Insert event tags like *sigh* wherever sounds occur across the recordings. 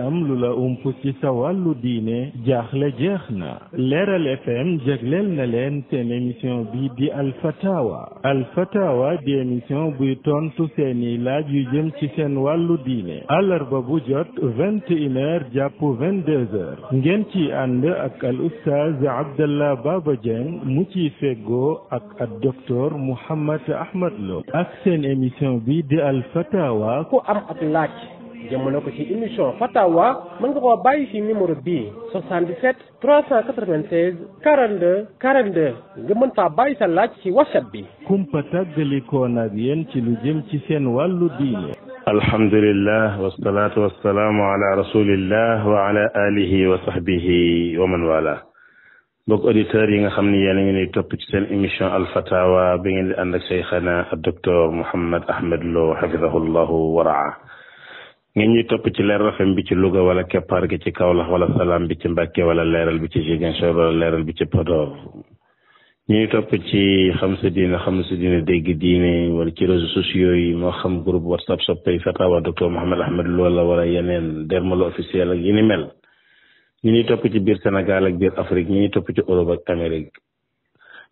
am lu la ump ci sa wàllu diine jaaxle jeex na leeral fm jégleel na leen seen émission bi di alfatawa alfatawa di émission buy tontu seeni laaj yu jëm ci seen wàllu diine àllarba bu jot vingt et une heures jàpp vingt ngeen ci ànd ak al ustaaz abdallah baaba dieng mu ci feggoo ak ak docteur mouhammad ahmad lo ak seen émission bi di alfatawa ku am ab laaj jëmale ko ci émission fatawa mën nga koo bàyyi ci numéro bii 77 396 42 42 nga mën faa bàyyi sa laaj ci whatsapp bi kumpa tàggalikoon ak yéen ci lu jëm ci seen wàllu diine alhamdulillah wasalaatu wasalaamu ala rasulillah wa ala alihi wa sahbihi wa man wala mbokk auditeurs yi nga xam ne yéen a ngi nuy topp ci seen émission alfatawa bi ngeen di ànd ak seyxana ak docteur Mouhammad Ahmad Lo xafidahu llahu waraa ngeen ñuy topp ci Leral FM bi ci Louga wala keppaar gi ci Kaolack wala salaam bi ci mbakke wala leeral bi ci Ziguinchor wala leeral bi ci Podor ñuy topp ci xam sa diine xam sa diine dégg diine wala ci réseaux sociaux yi moo xam groupe whatsapp soppay fatawa docteur Mouhamed Ahmed Loola wala yeneen dermalo officiel ak yi ni mel ñu ñuy topp ci biir Sénégal ak biir Afrique ñu ñuy topp ci Europe ak Amérique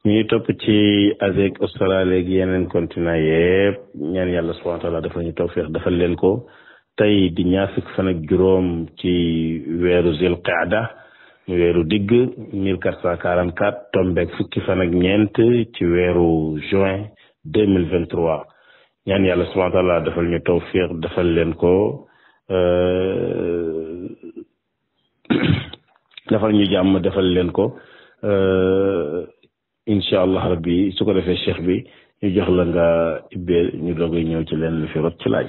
ñu ñuy topp ci Asie ak yeneen continent yëpp ñaan yàlla subhanahu wa taala ñu toog feex dafa leen ko tey di ñaar fukki fan juróom ci weeru zil qaada weeru digg mille quatre quarante quatre tombeeg fukki fan ak ñeent ci weeru juin deux mille vingt trois ñaan yàlla subhaana taala defal ñu tawfiq defal leen ko euh, *coughs* defal ñu jàmm defal leen ko euh, incha allah rabbi su ko defee cheikh bi ñu jox la nga ibbeel ñu doog ñëw ci leen lu ci laaj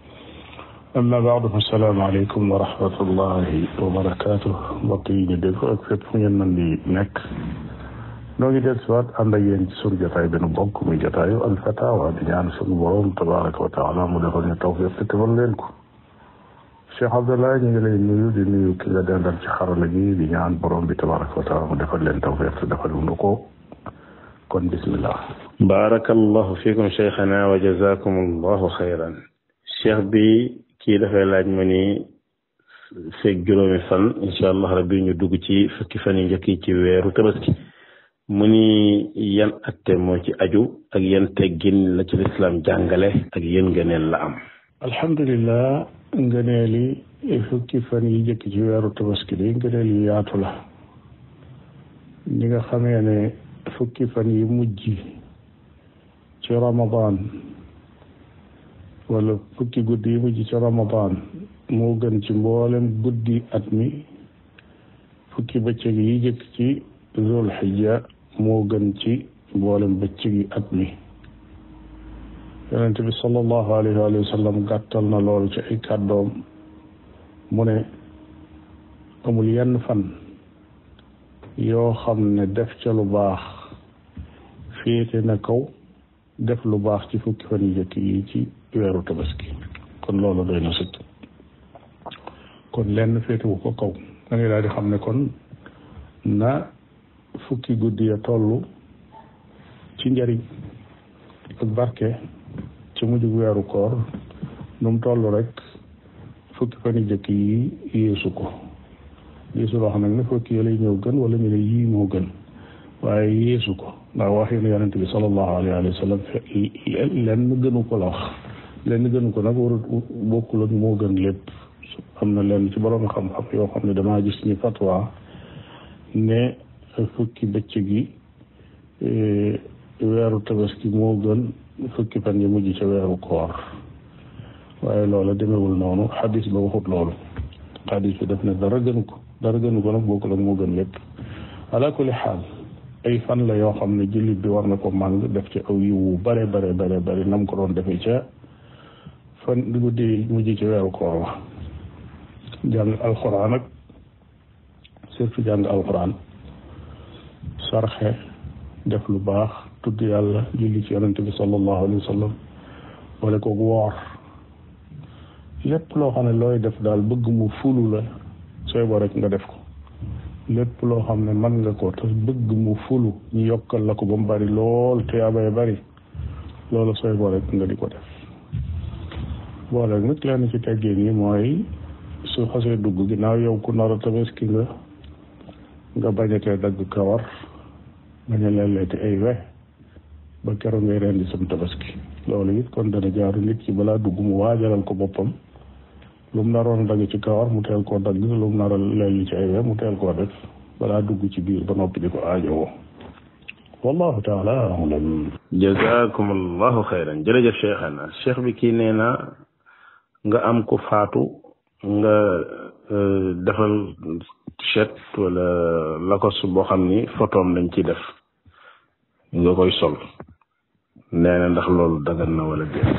amma baadu fa salaamaaleykum wa rahmatullahi wa barakaatu mbokk yi ñu dégg ak fépp fu ngeen mën di nekk noo ngi del siwaat ànd ak yéen ci sunu jotaay benn bokk muy jotaayu al fatawa di ñaan sunu borom tabaraka wa taala mu defal ñu tawfiq te defal leen ko Cheikh Abdallah ñu ngi lay nuyu di nuyu ki nga dendal ci xarala gi di ñaan borom bi tabaraka wa taala mu defal leen tawfiq te defal ñu ko kon bismillah barakallahu fikum cheikhana wa jazakum allahu xayran cheikh bi kii dafay laaj ma ni feeg juróomi fan incha allah rabbi ñu dugg ci fukki fan yi njëkk ci weeru tabaski mu ni yan atte moo ci aju ak yan teggin la ci lislaam jàngale ak yan ngëneel la am alhamdulilah ngëneeli fukki fan yi njëkk ci weeru tabaski di ngëneel yu yaatu la ñi nga xamee ne fukki fan yi mujj ci ramadan wala fukki guddi yi mujj ci ramadan moo gën ci mboolem guddi at mi fukki bëccëg yi jëkk ci zul xijja moo gën ci mboolem bëccëg yi at mi yonente bi sallallahu alayhi wa sallam gàttal na lool ci ay kàddoom mu ne amul yenn fan yoo xam ne def ci lu baax féete na kaw def lu baax ci fukki fan yi jëkk yi ci weeru tabaski kon loolu doy na sëkk kon lenn féetewu ko kaw da daal di xam ne kon na fukki guddi ya toll ci njariñ ak barke ci mujjug weeru koor nu mu toll rek fukki fan yi jëkk yi yéesu ko yéesu loo xam nag ne fukki yi lay ñëw gën wala ñu ne yii moo gën waaye yéesu ko ndax wax yi nu bi sallallahu alayhi wa sallam lenn gënu ko la wax lenn gënu ko nag warut bokkul ak moo gën lépp am na lenn ci borom xam-xam yoo xam ne damaa gis ñu fatwa ne fukki bëccëg yi e, weeru tabaski moo gën fukki fan yi mujj ca weeru koor waaye loola demewul noonu xadis ba waxut loolu xadis bi def ne dara gënu ko dara gënu ko nag bokkul ak moo gën lépp ala kulli xaal ay fan la yoo xam ne jullit bi war na ko màng def ci aw yiw wu bare bare bare bare nam ko doon defee ca fan guddi yi mujj ci weeru koor la jàng alxuraan ak surtout jàng alxuraan sarxe def lu baax tudd yàlla julli ci yonente bi sallallahu alayhi wa sallam wala ko woor lépp loo xam ne looy def daal bëgg mu fulu la sooy boo rek nga def ko lépp loo xam ne mën nga ko te bëgg mu fulu ñu yokkal la ko ba mu bari lool te yaa bari loolu sooy boo rek nga di ko def boole ak nag lenn ci teggin mooy su xasee dugg ginnaaw yow ku nar a tabaski nga nga bañatee dagg kawar bañ a leeleeti ay we ba keroog ngay rendi sam tabaski loolu it kon dana jaaru nit ci balaa dugg mu waajalal ko boppam lu mu naroon dagg ci kawar mu teel koo dagg lu mu nar a ci ay we mu teel koo def balaa dugg ci biir ba noppi di ko aajowoo wallahu taala alam jazaakum allahu bi kii nee na nga am ko faatu nga euh, defal t-shirt wala lacoste boo xam ni photoom lañ ci def nga koy sol nee na ndax loolu dagan na wala déet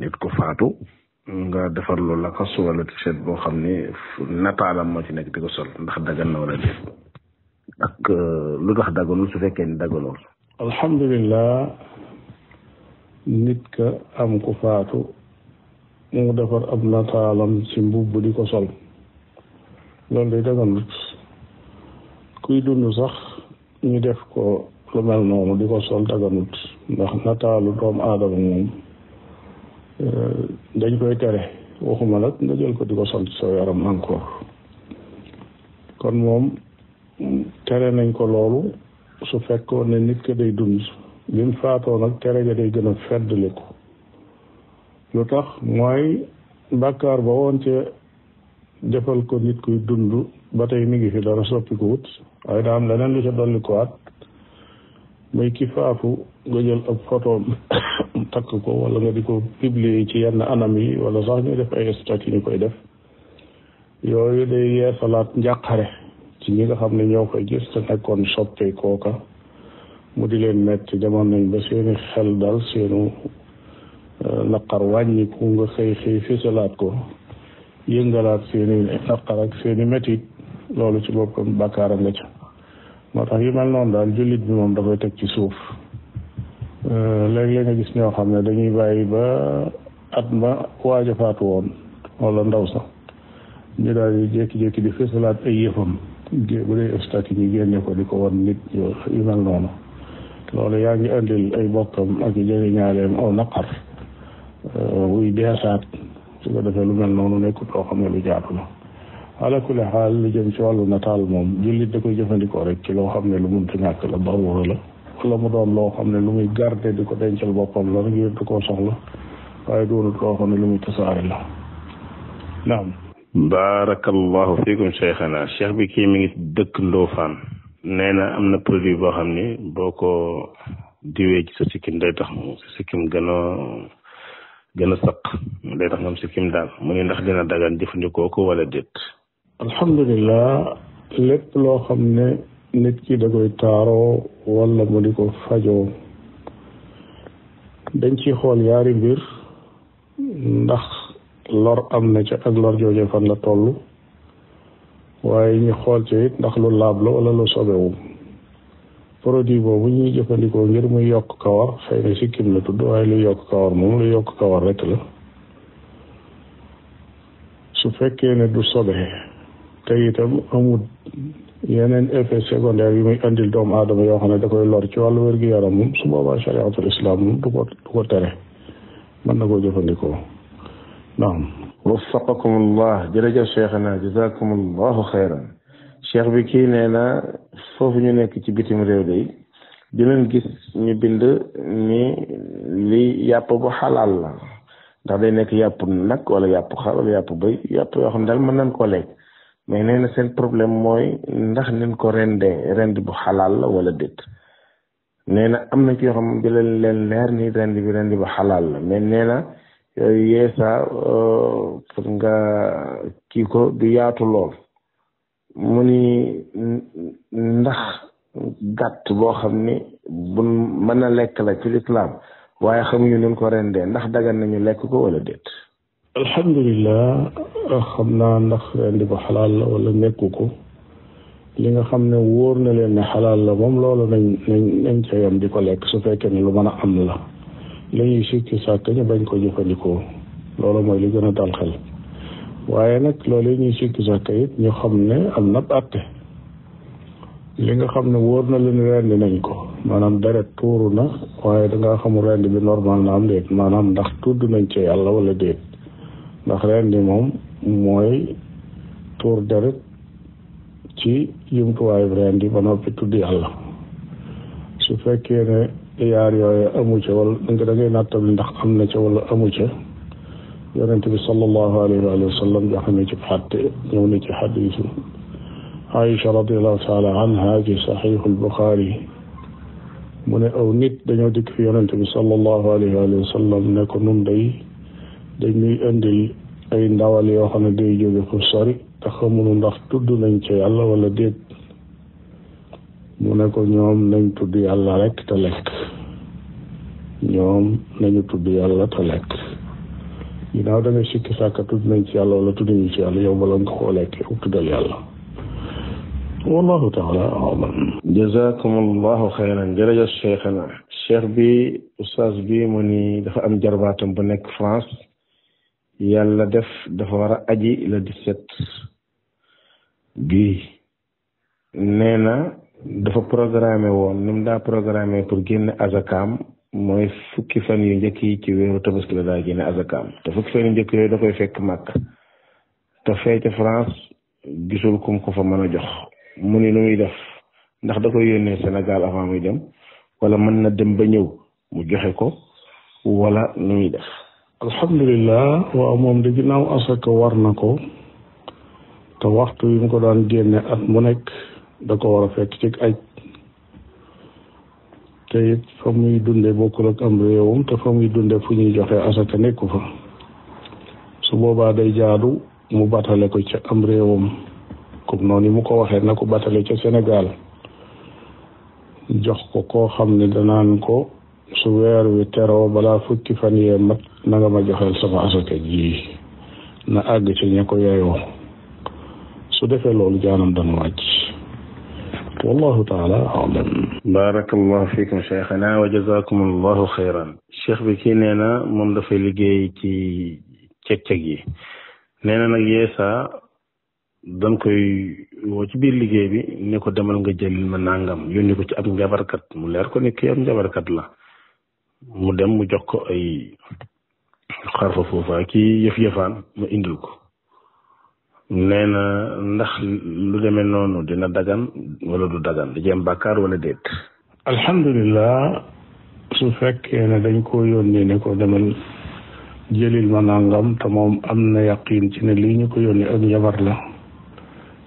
nit ko faatu nga defar lu lacoste wala t-shirt boo xam ni nataalam moo ci nekk di ko sol ndax dagan na wala déet ak euh, lu tax daganul su fekkee daganul alhamdulilah nit ka am ku faatu mu defar ab nataalam ci mbubb di ko sol loolu day daganut kuy dund sax ñu def ko lu mel noonu di ko sol daganut ndax nataalu doomu aadama moom eh, dañ koy tere waxuma nag nga jël ko di ko sol soo sa yaram encore kon moom tere nañ ko loolu su fekkoon ne nit ko day dund lim faatoo nag tere ga day gën a feddle ko lu tax mooy bàkkaar ba woon ca defal ko nit kuy dund ba tey mi ngi fi dara soppiku wut waaye daa am leneen lu ca dolli ko waat muy ki faafu nga jël ab photo *coughs* takk ko wala nga di ko yi ci yenn anam yi wala sax ñu def ay statut ñu koy def yooyu day yeesalaat njàqare ci ñi nga xam ne ñoo koy gis te nekkoon soppe kooka mu di leen metti demoon nañ ba seeni xel dal seenu naqar wàññiku nga xëy xëy fësalaat ko yëngalaat seeni naqar ak seeni metit loolu ci boppam bàkkaara la ca moo tax yu noonu daal jullit bi moom dafay teg ci suuf euh, léeg-léeg nga gis ñoo xam ne dañuy bàyyi ba at ma waaja woon wala ndaw sax ñu daal di jékki-jékki di fësalaat ay yëfam bu dee statut ñu génne ko di ko wan nit yu mel noonu loolu yaa ngi andil ay bokkam ak jëriñaaleem aw naqar Euh, wuy beesaat su ko defee lu mel noonu nekkut loo xam ne lu jaatu la ala xaal lu jëm ci wàllu nataal moom jullit da koy jëfandikoo rek ci loo xam ne lu mënta ñàkk la darura la wala mu doon loo xam ne lu muy garde di ko dencal boppam la rek ngir koo soxla waaye doonut loo xam ne lu muy tasaare la naam barakallahu fiikum cheikhana cheikh bi kii mi ngi dëkk Ndofane nee na am na produit boo xam ne boo ko diwee ci sa sikkim day tax sa sikkim gën gën a saq day tax nga am sikkim daal mu ne ndax dina dagan jëfandikoo ko wala déet. alhamdulilah lépp loo xam ne nit ki da koy taaroo wala mu di ko fajoo dañ ciy xool yaari mbir ndax lor am na ca ak lor jooje fan la toll waaye ñu xool ci it ndax lu laab la wala lu sobewu produit boobu ñuy jëfandikoo ngir muy yokk kawar xëy na sikkim la tudd waaye lu yokk kawar moom lu yokk kawar rek la su fekkee ne du sobe te itam amul yeneen effet secondaire yi muy andil doomu aadama yoo xam ne da koy lor ci wàllu wér yaram su boobaa chariatul islam moom du ko du ko tere mën na koo jëfandikoo naam waffaqakum allah jërëjëf cheikhana jazakum allahu xayran cheikh bi kii nee na foofu ñu nekk ci bitim réew day dinañ gis ñu bind ni li yàpp bu xalaal la ndax day nekk yàpp nag wala yàpp xar wala yàpp bëy yàpp yoo xam ne mën nañ ko lekk mais nee na seen problème mooy ndax nañ ko rendee rend bu xalaal wala déet nee na am na ci yoo xam bi leen leer ni rend bi rend bu xalaal la mais nee na yooyu euh, ko du yaatu lool mu ni ndax gàtt boo xam ne bu mën a lekk la ci lislaam waaye xamuñu nun ko rendee ndax dagan nañu lekk ko wala déet alhamdulilah xam naa ndax rendi ko xalaal la wala nekku ko li nga xam ne wóor na leen ne xalaal la moom loolu nañ nañ nañ ca yam di ko lekk su fekkee ne lu mën a am la lañuy sikki sàkk ñu bañ ko jëfandikoo loolu mooy li gën a dal xel waaye nag loolu yi ñuy sikki sàkka it ñu xam ne am na àtte li nga xam ne wóor na leen rendi nañ ko maanaam deret tuuru na waaye dangaa xamul rendi bi normal na am déet maanaam ndax tudd nañ ci yàlla walla déet ndax rendi moom mooy tuur deret ci jumtuwaayu rendi ba noppi tudd yàlla su fekkee ne yaar yooyu amu ca wala nga da ngay nattab ndax am na ca wala amu ca yonent bi sallallahu alayhi wa sallam joxe na ci xatte ñëw na ci xadiisu Aïcha radiyallahu taala anha ci saxiixul Buxaari mu ne aw nit dañoo dikk fi yonent bi sallallahu alayhi wa sallam ne ko nun day dañuy indil ay ndawal yoo xam ne day jóge fu sori te xamuñu ndax tudd nañ ca yàlla wala déet mu ne ko ñoom nañ tudd yàlla rek te lekk ñoom nañu tudd yàlla te lekk ginnaaw da ngay sikki sàkka tudd nañ ci yàlla wala tudd nañ ci yow bala nga xoolee yow tuddal yàlla wallahu taala alam jazakum allahu xayran jërëjëf dafa am jarbaatam bu nekk France yàlla def dafa war a aji le 17 bii nee na dafa programmé woon ni daa programmé pour génne azakam mooy fukki fan yu njëkk yi ci wéeru tabaski la daa génne azakaam te fukki fan yu njëkk yooyu da koy fekk màkk te fee ca France gisul kum ko fa mën a jox mu ni nu muy def ndax da koy yónnee Sénégal avant muy dem wala mën na dem ba ñëw mu joxe ko wala nu muy def alhamdulilah waaw moom de ginnaaw asaka war na ko te waxtu yi mu ko daan génne at mu nekk da ko war a fekk ci aj te it fa muy dunde bokkul ak am réewam te fa muy dunde fu ñuy joxe asaka nekku fa su boobaa day jaadu mu batale ko ca am réewam comme noonu mu ko waxee na ko batale ca Sénégal jox ko koo xam ne danaan ko su weer wi teroo balaa fukki fan yee mat nanga ma joxeel sama asaka ji na àgg ci ña ko yeyoo su defee loolu jaanam dana wàcc wallahu taala alam barakallahu fikum cheikhana wa jazakum allahu xayran cheikh bi kii nee na moom dafay liggéey ci ceg-ceg yi nee na nag yeesa dañ koy woo ci biir liggéey bi ne ko demal nga jëlil ma nangam yónni ko ci ab njabarkat mu leer ko ne kii ab njabarkat la mu dem mu jox ko ay xarfa foofa kii yëf-yëfaan mu indil ko nee na ndax lu demee noonu dina dagan wala du dagan di jeem bàkkaar wala deet alhamdulilah su fekkee ne dañ ko yónnee ne ko demal jëlil ma nangam te moom am na yaqiin ci ne li ñu ko yónnee ak njabar la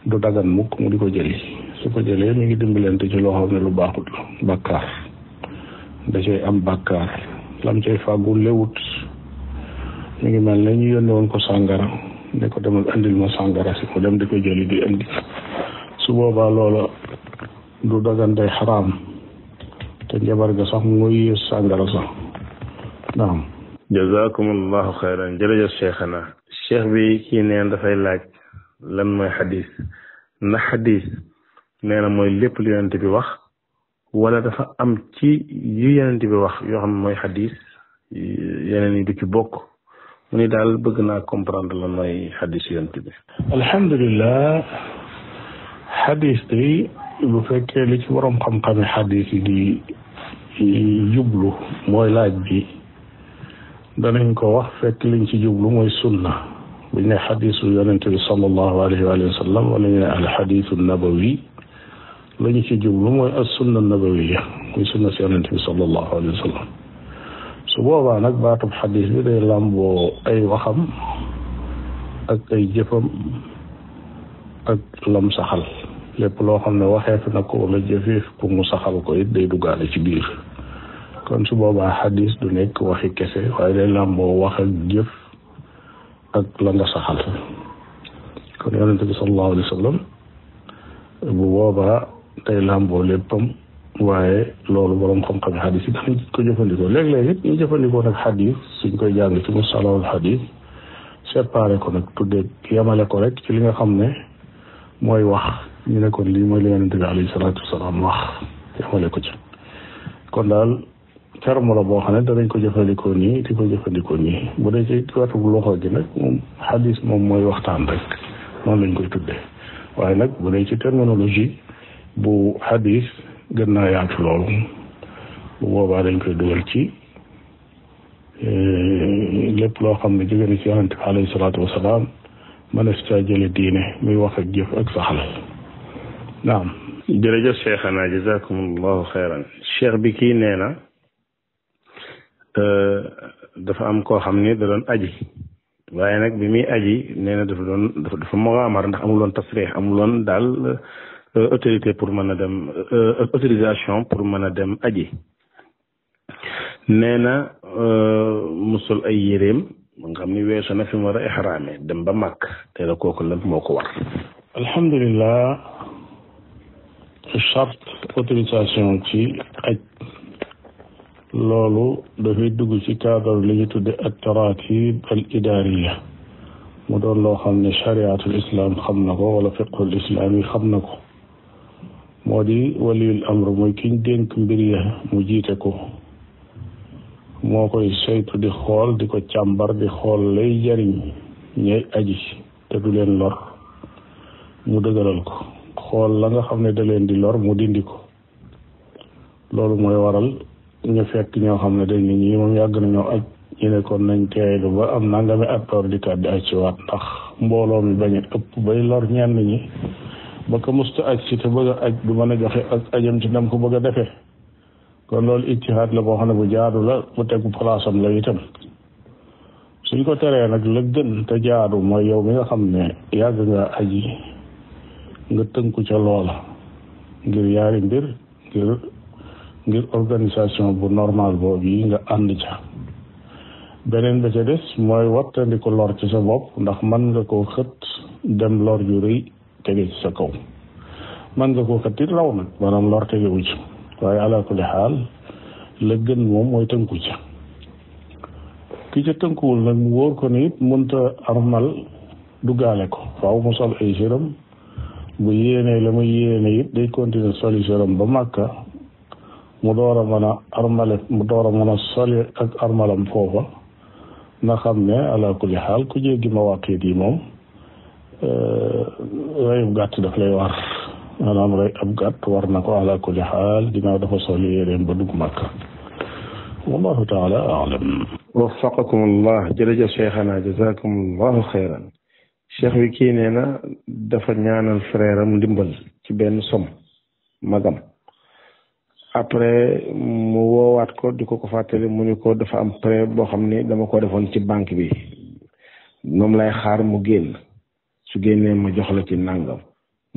du dagan mukk mu di ko jëli su ko jëlee mi ngi dimbalante ci loo xam ne lu baaxul la da cay am bàkkaar lam cay fàggu lewut mi ngi mel ne ñu yónnee woon ko sàngara ne ko dem di ko jëli di indi su boobaa loola du dagan day xaraam te njabar ga sax mu ngi yées sàngara sax naam jazakumullahu xayran jërëjëf cheikhana cheikh bi kii neen dafay laaj lan mooy xadis ndax xadis nee na mooy lépp lu yonent bi wax wala dafa am ci yu yonent bi wax yoo xam ne mooy xadis yeneen yi du ci bokk mu ni daal bëgg naa comprendre lan mooy xadis yonent bi alhamdulilah xadis day bu fekkee li ci waroom xam-xami xadis yi di jublu mooy laaj bi danañ ko wax fekk liñ ci jublu mooy sunna buñ ne xadisu yonent bi sallallahu alayhi wa sallam wala ñu ne al xadisu nabawi lañu ci jublu mooy as sunna nabawiya muy sunna si yonent bi sallallahu alayhi wa sallam su boobaa nag baatub xadis bi day làmboo ay waxam ak ay jëfam ak lam saxal lépp loo xam ne waxeef na ko wala jëfeef pour mu saxal ko it day duggaale ci biir kon su boobaa xadis du nekk waxi kese waaye day làmboo wax ak jëf ak la nga saxal kon yonente bi sallallahu alayhi wa sallam bu boobaa day làmboo waaye loolu borom xam-xam yi xadis yi danañ ko jëfandikoo léeg-léeg it ñu jëfandikoo nag xadis suñ koy jàng ci musalawul xadis séparé ko nag tuddee yemale ko rek ci li nga xam ne mooy wax ñu ne kon lii mooy li yonente bi alayhi salaatu wasalaam wax yemale ko ci kon daal terme la boo xam ne danañ ko jëfandikoo nii di jëfandikoo nii bu dee ci wetu loxo gi nag moom moom mooy waxtaan rek noonu lañ koy tuddee waaye nag bu dee ci terminologie bu xadis gën naa yaatu lool bu boobaa dañ koy dugal ci e, lépp loo xam ne jóge na ci yonente bi jële diine muy wax ak jëf ak saxal naam jërëjëf cheikhana jazakumullahu xayran cheikh bi kii nee na e, dafa am koo xam ne da doon aji waaye nag bi muy aji nee na dafa doon dafa dafa mugaamar ndax amuloon tasriix amuloon daal Euh, autorité pour mën a dem euh, euh, autorisation pour mën a dem aji nee na musul ay yéreem ba xam ni weesu na fi mu dem ba màkk te la kooku lan moo ko war alhamdulilah charte autorisation ci aj loolu dafay dugg ci cadre li ñu tudde ak taratib al idaariya mu doon loo xam ne chariatul islam xam na ko wala fiqul islam yi xam na ko moo di am amr mooy kiñ dénk mbir ya mu jiite ko moo koy saytu di xool di ko càmbar di xool lay jariñ ñay aji te du leen lor mu dëgëral ko xool la nga xam ne da leen di lor mu dindi ko loolu mooy waral ñu fekk ñoo xam ne dañ ne ñii moom yàgg nañoo aj ñu ne kon nañ teeylu ba am nangami at door dikkaat di aj ci waat ndax mbooloo mi bañ a ëpp bay lor ñenn ñi ba ko musta aj si te bëgg a aj du mën a joxe ak ajam ci ko bëgg a defee kon loolu ijtihaad la boo xam ne bu jaadu la bu tegu palaasam la itam suñ ko teree nag la gën te mooy yow mi nga xam ne yàgg nga aji nga tënku ca loola ngir yaari mbir ngir ngir bu normal boobu yi nga ànd ca beneen ba ca wattandiku lor ci sa bopp ndax mën nga koo xët dem lor ju rëy tege ci sa kaw man nga koo kat it raw nag maanaam lor tegewu ci waaye ala kulli xaal la gën moom mooy tënku ci ki ca tënkuwul nag mu wóor ko ni it mënta armal duggaale ko faaw mu sol ay séram bu yéenee la muy yéene it day continuer soli séram ba màkka mu door a mën a armale mu door a soli ak armalam foofa na xam ne ala kulli xaal ku jéggi ma wàqiit yi moom Euh, reyub gàtt daf lay war maanaam rey ab gàtt war na ko ala kulli xaal ginnaaw dafa soli yéreem ba dugg màkk wallahu taala alam waffaqakum allah jërëjëf cheikhana jazakum allahu xayran cheikh bi kii nee na dafa ñaanal frère am ndimbal ci benn som magam après mu wowaat ko di ko ko fàttali mu ni ko dafa am prêt boo xam ni dama ko defoon ci banque bi moom lay xaar mu génn su génnee ma jox la ci nàngam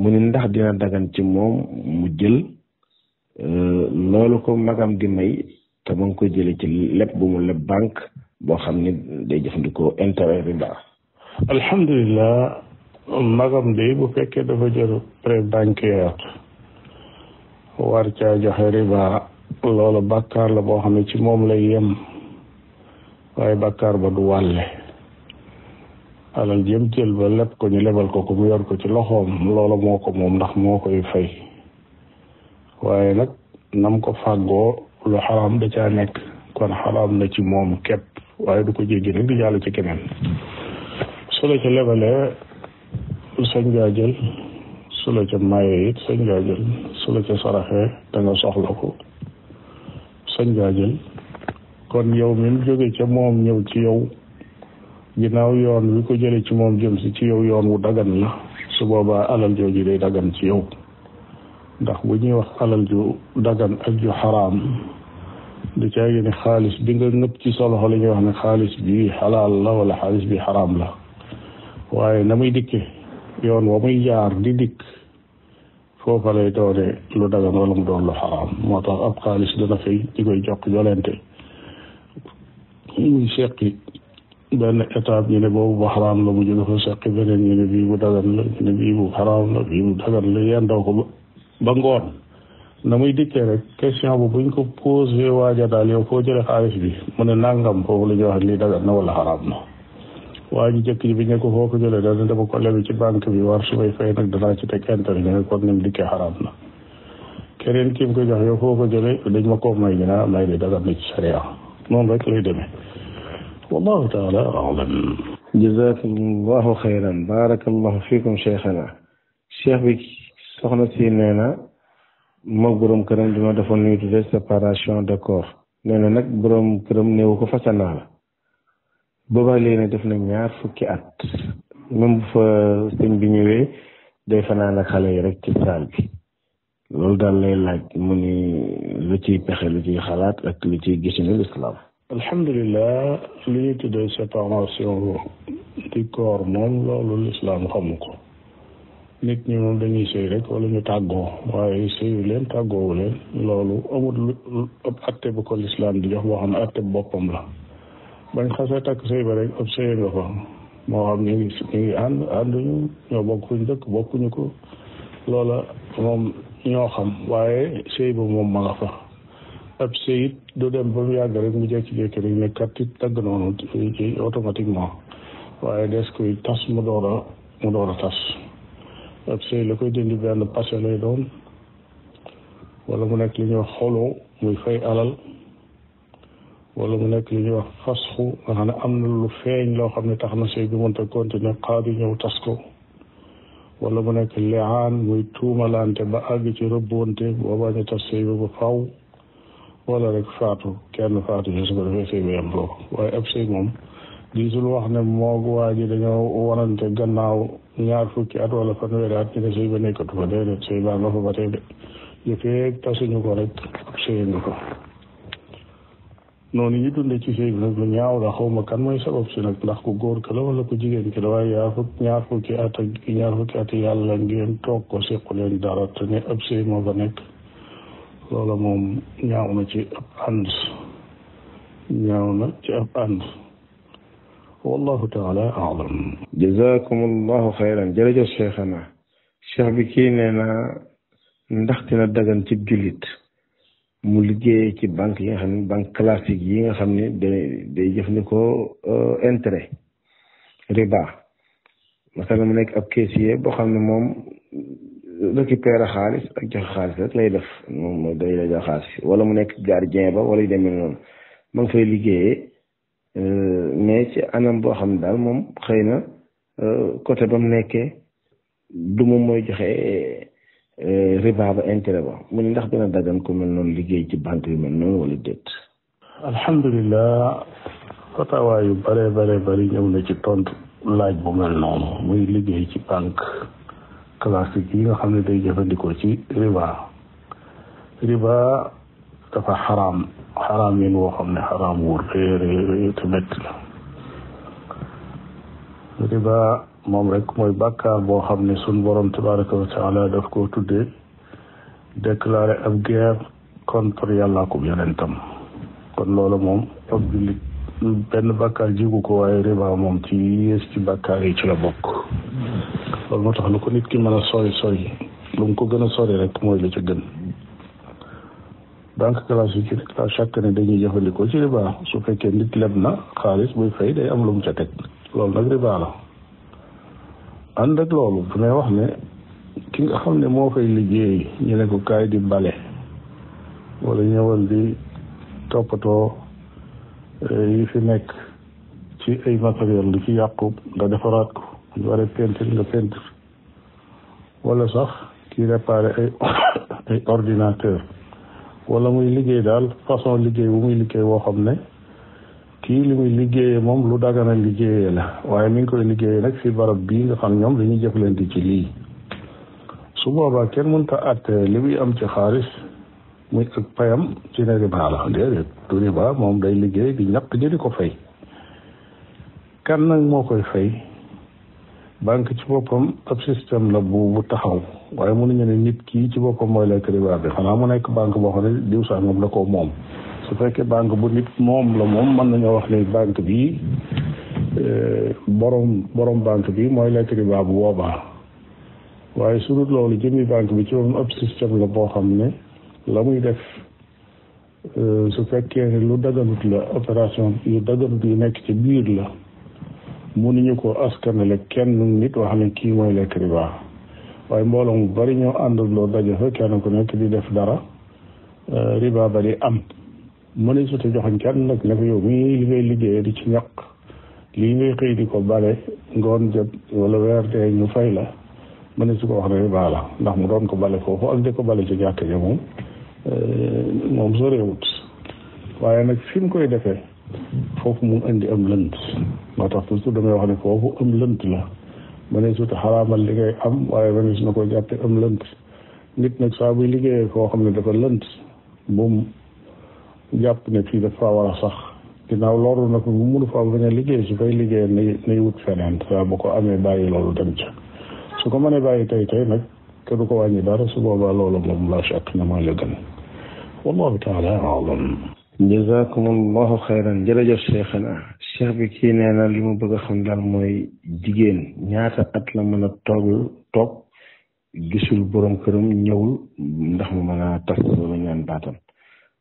mu ni ndax dina dagan ci moom mu jël euh, loolu ko magam di may te ma ngi koy jëlee ci lépp bu mu leb banque boo xam ni day jëfandikoo intérêt riba alhamdulilah magam de bu fekkee dafa jël prêt bancaire war caa joxe riba loolu bàkkaar la boo xam ne ci moom lay yem waaye bàkkaar ba du wàlle alal jëm jël ba leb ko ñu lebal ko ko mu yor ko ci loxoom loolo moo ko moom ndax moo koy fay waaye nag nam ko fàggoo lu xaraam da caa nekk kon xaraam na ci moom képp waaye du ko jéggi nag di jàll ci keneen su la ca lebalee sañ ngaa jël su la ca maye it sañ ngaa jël su la ca saraxee danga nga soxla ko sañ gaa jël kon yow mi mu jóge ca moom ñëw ci yow ginnaaw yoon wi ko jële ci moom jëm si ci yow yoon wu dagan la su boobaa alal jooju day dagan ci yow ndax bu ñuy wax alal ju dagan ak ju xaraam du caagi ne xaalis bi nga nëpp ci sa lañuy wax ne xaalis bi xalaal la wala xaalis bi xaraam la waaye na muy dikke yoon wa muy jaar di dikk foofa lay doone lu dagan wala mu doon lu xaraam moo tax ab xaalis dana fay di koy jokk jolente muy seqi benn étape ñu ne boobu bu xaraam la mu jóge fa seqi beneen ñu ne bii bu dagan la ñu ne bii bu xaraam la bii bu dagan la yendoo ko ba ba ngoon na muy dikkee rek question bu buñ ko posé waaja daal yow foo jëlee xaalis bi mu ne nangam foofu la ñuy wax lii dagan na wala xaraam na waa ñu jëkk ji bi ñu ko foo ko jëlee dana dama ko lebi ci banque bi war su may fay nag danaa ci na keneen ko jox yow foo ko dañ ma koo may naa ne ah, may li dagan na ci sharia noonu rek lay demee wallahu taala alam jazakumullahu xayran baarakallahu fiikum cheikhana cheikh bi soxna si nee na moog boroom këram dina defoon lu ñu séparation de corps na nag boroom këram néew ko fase naa la boobaa léegi def na ñaar fukki at même bu fa sëñ bi ñëwee day fanaan xale yi rek ci saal bi loolu daal lay laaj mu ni lu ciy pexe lu ciy xalaat ak lu ciy gisinu lislaam alhamdulilah li ñu tuddee séparation du corps moom loolu lislaam xamu ko nit ñi moom dañuy sëy rek wala ñu tàggoo waaye sëyu leen tàggoowu loolu amul lu ab atte bu ko lislaam di jox boo xam ne atte bu boppam la bañ xasee takk sëy ba rek ab sëye nga fa moo xam ñu ñu ànd ànduñu ñoo bokk fuñ dëkk bokkuñu ko loola moom ñoo xam waaye sëy ba moom ma nga fa ab sëyit du dem ba mu yàgg rek mu jékki-jékki rek ne kat it dagg noonu automatiquement waaye des koy tas mu door a mu door tas ab la koy dindi benn passé lay doon wala mu nekk li ñuy wax xolo muy fay alal wala mu nekk li ñuy wax fasxu nga xam ne am na lu feeñ loo xam ne tax na sëy bi mënta continuer xaadi ñëw tas ko wala mu nekk liaan muy tuumalante ba àgg ci rëbbonte boobaa ñu tas sëy bi ba faw wala rek faatu kenn faatu si su ko defee sëy bi yem moom diisul wax ne moog waa ji dañoo wanante gannaaw ñaar fukki at wala fanweeri at ñu ne sëy ba nekkatu fa déedéet sëy baa nga ko rek ab sëy ñu dundee ci sëy bi nag lu ñaaw la kan mooy sabab si ndax ku góor ka la wala ku jigéen ki la waaye yaa fukk ñaar fukki at ñaar fukki at yàlla ngeen toog ko sequ leen dara te ne ab sëy moo fa nekk loola moom ñaaw na ci ab ànd ñaaw ci ab ànd wallahu taala alam jazakum allahu xayran jërëjëf cheikhana cheikh bi kii nee na ndax dina dagan ci jullit mu liggéeye ci banque yi nga xam ne bank classique yi nga xam ne day day jëfandikoo euh, intérêt riba masalan mu nekk ab caissier boo xam ne moom récupérer xaalis ak joxe xaalis rek lay def moom day la jox xaalis wala mu nekk gardien ba wala yu dem noonu ma ngi fay liggéeyee euh, ci anam boo xam ne daal moom xëy na euh, côté ba mu du moom mooy joxe euh, riba ba intérêt ba mu ne ndax dina dagan ko mel noonu liggéey ci banque yu mel noonu wala déet. alhamdulilah fatawaa yu bare bare bari ñëw na ci tontu laaj bu mel noonu muy liggéey ci banque. classique yi nga xam ne day jëfandikoo ci riba riba dafa xaraam xaraam yéen woo xam ne xaraam wóor te métti la riba moom rek mooy bàkkaar boo xam ne sun borom tabaraka wa taala daf koo tuddee déclaré ab guerre contre yàllaa ko yonentam kon loolu moom ab jullit benn bàkkaar jigu ko waaye riba moom ci yées ci bàkkaar yi ci la bokk loolu moo tax lu ko nit ki mën a sori sori lu mu ko gën a sori rek mooy lu ca gën banque classique yi rek la jëfandikoo ci riba su fekkee nit leb na xaalis buy fay day am lu mu ca teg loolu nag riba la ànd ak loolu damay wax ne ki nga xam ne moo fay liggéey ñu ne ko kaay di bale walla ñëwal di toppatoo eh, yi fi nekk ci ay matériel li ci yàqu nga defaraat ko ñu war a peinture nga peinture wala sax kii réparé ay ordinateur wala muy liggéey daal façon liggéey bu muy liggéey woo xam ne kii li muy liggéeyee moom lu dagana liggéeyee la waaye mi ngi koy liggéeyee nag fi barab bii nga xam ñoom dañuy jëflante ci lii su boobaa kenn mënta àtte li muy am ci xaalis muy ak payam ci ne riba la déedéet du riba moom day liggéey di ñàkk ñu di ko fay kan nag moo koy fay banque ci boppam ab système la bu bu taxaw waaye mënuñu ne nit kii ci boppam mooy lekk riba xanaa mu nekk banque boo xam ne diw sàngam la ko moom su fekkee banque bu nit moom la moom mën nañoo wax ni banque bii eh, borom borom banque bi mooy lekk riba bu boobaa waaye su dul loolu jëmmi banque bi ci moom ab système la boo xam ne la muy def eh, su fekkee lu daganut la opération yu daganut yu nekk ci biir la mu mënuñu ko askanale kenn nit wax ne kii mooy lekk riba waaye mbooloo mu bari ñoo àndandoo daje fa kenn ku nekk di def dara euh, riba ba di am su sota joxoñ kenn nag ne ko yow mii li ngay liggéeyee di ci ñaq lii ngay xëy di ko bale ngoon jot wala weer dee ñu fay la mënuñ su ko wax ne riba la ndax mu doon ko bale foofu ak di ko bale ci jàkk ja moom euh, moom soo réewut waaye nag fi mu koy defee foofu mu indi am lënd moo tax toujours damay wax ne foofu am lënt la ma ne suuta xaraamal li ngay am waaye ma ne su na ko jàppe am lënt nit nag saa buy liggéeyee foo xam ne dafa lënt moom jàpp ne fii dafa war sax ginnaaw loolu nag bu mënu faa bañ a liggéey su fay liggéey nay nay wut feneen saa bu ko amee bàyyi loolu dem ca su ko mënee bàyyi tey tey nag te du ko wàññi dara su boobaa loolu moom la chaq na mooy la gën wallahu taala alam jazakumullahu xayran jërëjëf cheikhana cheikh bi kii nee na li mu bëgg a xam mooy jigéen ñaata at la mën a toog toog gisul borom këram ñëwul ndax mu mën a tas wala ñaan baatam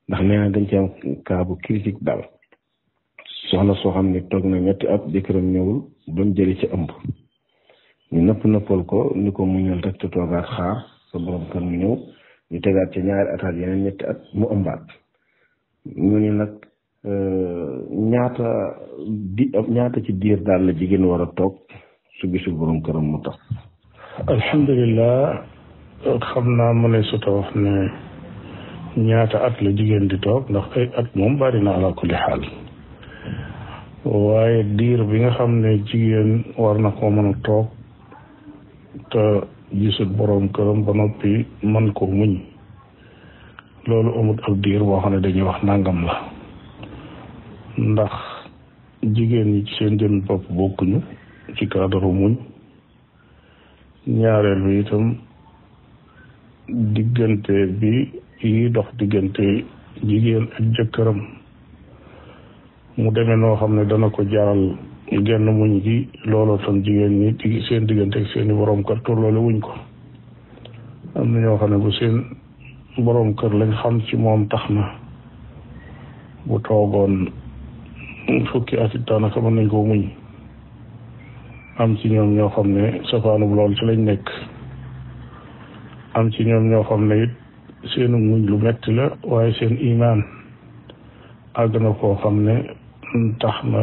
ndax nee na dañ ci am kaabu critique daal soxna soo xam ne toog na ñetti at jëkkëram ñëwul doon jëli ci ëmb ñu nëpp nëppal ko ni ko muñal rek te toogaat xaar sa borom kër mu ñëw ñu tegaat ci ñaari ataat yeneen ñetti at mu ëmbaat ñu ne nag euh, ñaata ñaata ci diir daal la jigéen war a toog su gisul borom këram mu tax alhamdulilah xam naa mu ne suta wax ne ñaata at la jigéen di toog ndax at moom bari na ala kulli xaal waaye diir bi nga xam ne jigéen war na koo mën a toog te gisul borom këram ba noppi man ko muñ loolu amul ab diir boo xam ne dañuy wax nàngam la ndax jigéen ñi ci seen jën bopp bokkuñu ci cadre muñ ñaareel bi itam diggante bi yi dox diggante jigéen ak jëkkëram mu demee noo xam ne dana ko jaral genn muñ gi looloo tam jigéen ñi di seen diggante ak seen i borom kër tur wuñ ko am na ñoo xam ne bu seen borom kër lañ xam ci moom tax na bu toogoon fukki at it daanaka mën nañ koo muñ am ci ñoom ñoo xam ne safaanub lool ci lañ nekk am ci ñoom ñoo xam ne it seenu muñ lu metti la waaye seen imaan àgg na koo xam ne tax na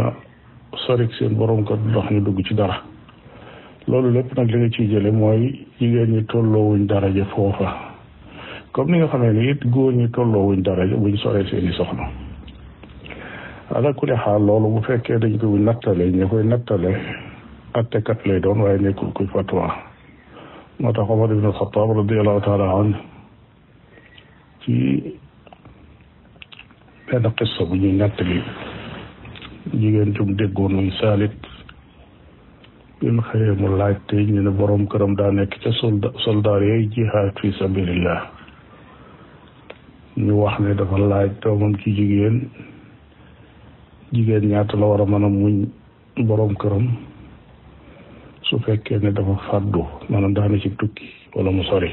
sorik seen borom kër du dox ñu dugg ci dara loolu lépp nag li nga ciy jële mooy jigéen ñi tolloowuñ daraja foofa comme ni nga xamee ni it góor ñi tolloo wuñ dara buñ soree seeni soxna ala kulli xaal loolu bu fekkee dañ ko nattale koy nattale attekat lay doon waaye nekkul kuy fatwa moo tax Omar ibn Xataab radiallahu taala an ci benn qissa bu ñuy nattali jigéen jum déggoon muy saalit bi mu xëyee mu laaj te ñu ne borom këram daa nekk ca solda soldaar yooyu jihaad fi sabilillah ñu wax ne dafa laaj doomam ci jigéen jigéen ñaata la war a mën a muñ boroom këram su fekkee ne dafa fàddu maanaam daana ci tukki wala mu sori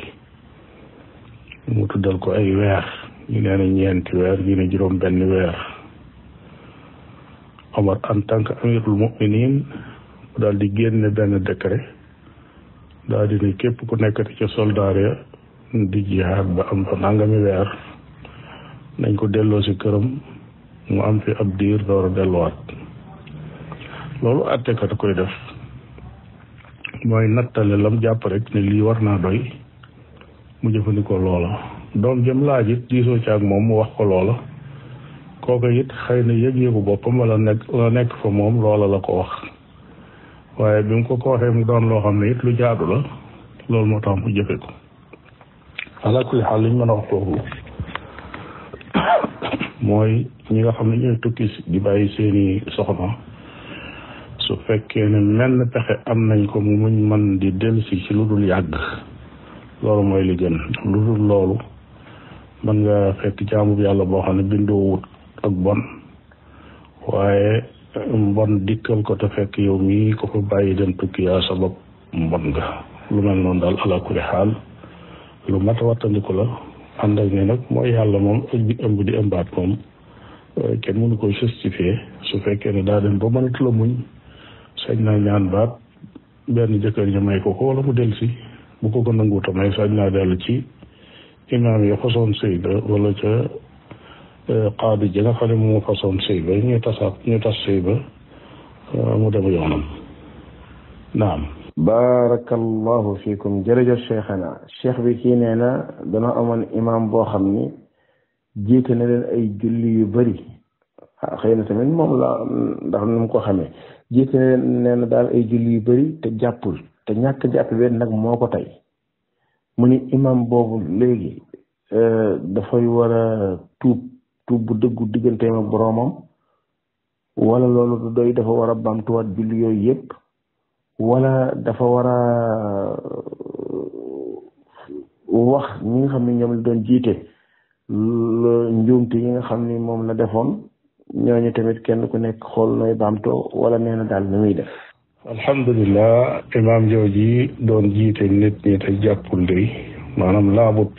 mu tuddal ko ay weer ñu nee ñeenti weer ñu ne juróom benn weer Omar en tant que amirul muminin mu di génne benn décret daal di képp ku nekkati ca soldaar ya di jihaad ba am fa nangami weer nañ ko delloo ci këram mu am fi ab diir door delluwaat loolu àttekat koy def mooy nattale lam jàpp rek ne lii war naa doy mu jëfandikoo loola doom jëm laaj it diisoo ci ak moom mu wax ko loola kooka it xëy na yëg-yëgu boppam wala nekk la fa moom loola la ko wax waaye bi mu ko ko waxee mu doon loo xam ne it lu jaadu la loolu moo tax mu jëfe ko ala kulli xaal liñ mën a wax foofu mooy ñu nga xam ne ñooy tukki di bàyyi seeni soxna su fekkee ne menn pexe am nañ ko mu muñ mën di dellusi ci lu dul yàgg loolu mooy li gën lu dul loolu mën nga fekk jaamu yàlla boo xam ne bindoo wut ak bon waaye mbon um, dikkal ko te fekk yow mii ko fa bàyyi dem tukki yaa sabab mbon nga lu mel noonu daal ala xaal lu mat wattandiku la ànd ak ne nag mooy yàlla moom ak bi ëmb di ëmbaat moom euh, kenn mënu ko justifier su fekkee ne daa dem ba mënatu la muñ sañ naa ñaan baat benn jëkkër ñu may ko ko wala mu delsi bu ko ko nanguuta may sañ naa dellu ci imaam yi façon sëy ba wala ca qaadi euh, ji nga xam ne moom façon sëy ba ñu tasaat ñu tas sëy ba euh, mu dem yoonam naam barakallahu fiikum jërëjëf cheikhana cheikh bi kii nee na danoo amoon imaam boo xam ni jiite na leen ay julli yu bari ah xëy na tamit moom la ndax nu mu ko xamee jiite na leen nee na daal ay julli yu bari te jàppul te ñàkk jàpp benn nag moo ko tey mu ni imaam boobu léegi euh, dafay war tuub tuub bu dëggu digganteem ak boroomam wala loolu du doy dafa war a bamtuwaat julli yooyu yépp wala dafa war a euh, wax mi nga xam ne ñoom la doon jiite njuumte yi nga xam ni moom la defoon ñooñu tamit kenn ku nekk xool nooy baamtoo wala nee na daal nu muy def. alhamdulilah imaam jooji doon jiite nit ñi te jàppul day maanaam laabut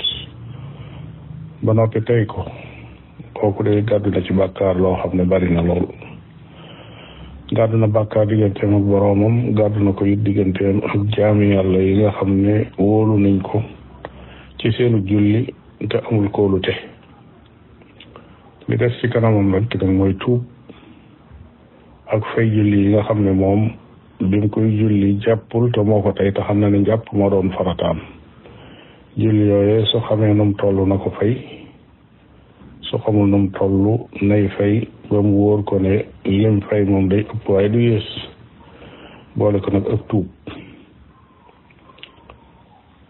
ba noppi tey ko kooku day gàddu na ci bàkkaar loo xam ne bari na lool. gàddu na bàkkaar digganteem ak boroomam gàddu na ko it digganteem ak jaami yàlla yi nga xam ne wóolu nañ ko ci seenu julli te amul kóolute li ci kanamam nag mooy tuub ak fay yi nga xam ne moom bi mu koy julli jàppul te moo ko tey te xam na ne jàpp moo doon farataam julli yooyee su xamee num toll na ko fay soo xamul num toll nay fay ba mu wóor ko ne lim fay moom day ëpp waaye du yées boole ko nag ak tuub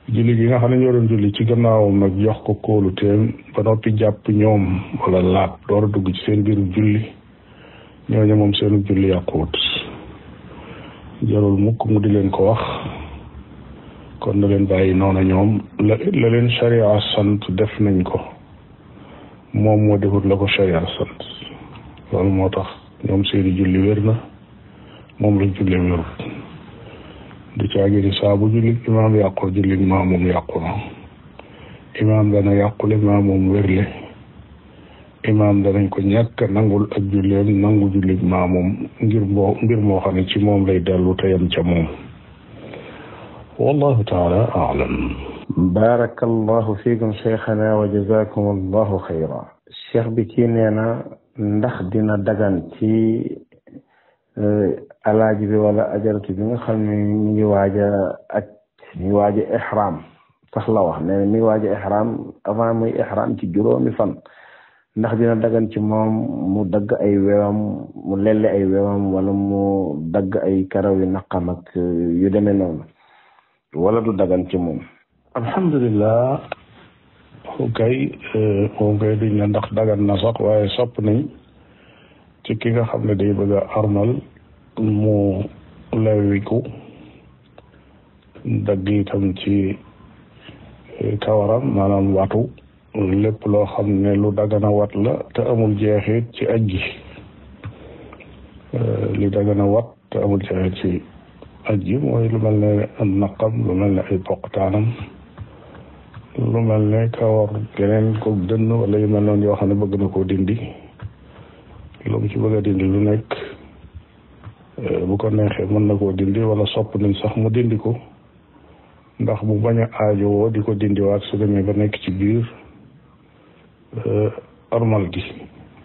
julli gi nga xam ne ñoo doon julli ci gannaawam nag jox ko kóolu teem ba noppi jàpp ñoom wala laab door a dugg ci seen biiru julli ñooñu moom seenu julli yàquwut jarul mukk mu di leen ko wax kon na leen bàyyi noonu ñoom la la leen sharia sant def nañ ko moom moo defut la ko sharia sant loolu moo tax ñoom seeni julli wér na moom la julli wérul du caagi ni saa bu julli imaam yàqoo julli maamum yàqu na imaam dana yàqule maamum wérle imaam danañ ko ñàkk nangul ak julleem nangu julli maamum ngir moo ngir moo xam ne ci moom lay dellu te yem taala alam barakallahu fiikum cheikhana wa jazakum allahu xayra cheikh bi kii ndax dina dagan ci euh, alaaji bi wala ajaratu bi nga xam ne mi ngi waaj ak mi ngi waaj a ihram sax la wax mi ngi waaj a ihram avant muy ihram ci juróomi fan ndax dina dagan ci moom mu dagg ay wewam mu lelle ay wewam wala mu dagg ay karaw yu naqam ak euh, yu demee noonu wala du dagan ci moom alhamdulillah kay moom euh, kay duñ ndax dagan na sax waaye sopp nañ ci ki nga xam ne day bëgg a armal mu lawiku dagg itam ci euh, kawaram maanaam watu lépp loo xam ne lu dagana wat la te amul jeexit ci aj gi euh, li dagana wat te amul jeexit ci aj gi mooy lu mel ne naqam lu mel ne ay poqtaanam lu mel ne kawar keneen ko dënn wala yu mel noonu yoo xam ne bëgg na koo dindi lu mu ci bëgg a dindi lu nekk eh, bu ko neexee mën na koo dindi wala sopp nañ sax mu dindi ko ndax mu bañ a aajowoo di ko dindiwaat su demee ba nekk ci biir eh, armal gi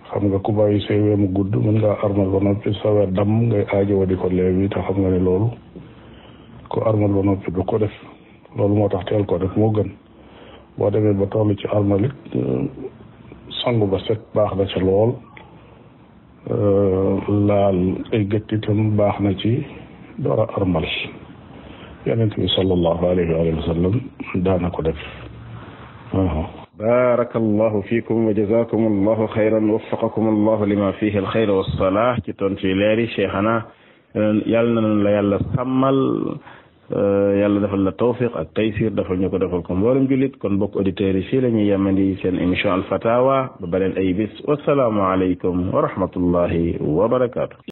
xam nga ku bàyyi say wee mu gudd mën ngaa armal ba noppi sa weer damm ngay aajowoo di ko leewi te xam nga ne loolu ku armal ba noppi du ko def loolu moo tax teel ko def moo gën boo demee ba toll ci armalit sangu ba set baax na ca lool euh, laal ay gët itam baax na ci door a armal yonent bi sallallahu alayhi wa sallam ko def baarakallahu fiikum wa jazakum allahu xayran waffaqakum lima fihi alxayr wassalah ci tontu yi leeri cheikhana yàlla na la yàlla sàmmal Euh, yàlla defal la tawfiq ak taysir defal ñu ko defal ko mboolem jullit kon bokk auditeurs yi fii la ñuy yemandi seen émission Al Fatawa ba beneen ay bis wasalaamualeykum wa rahmatullahi wa barakaatu.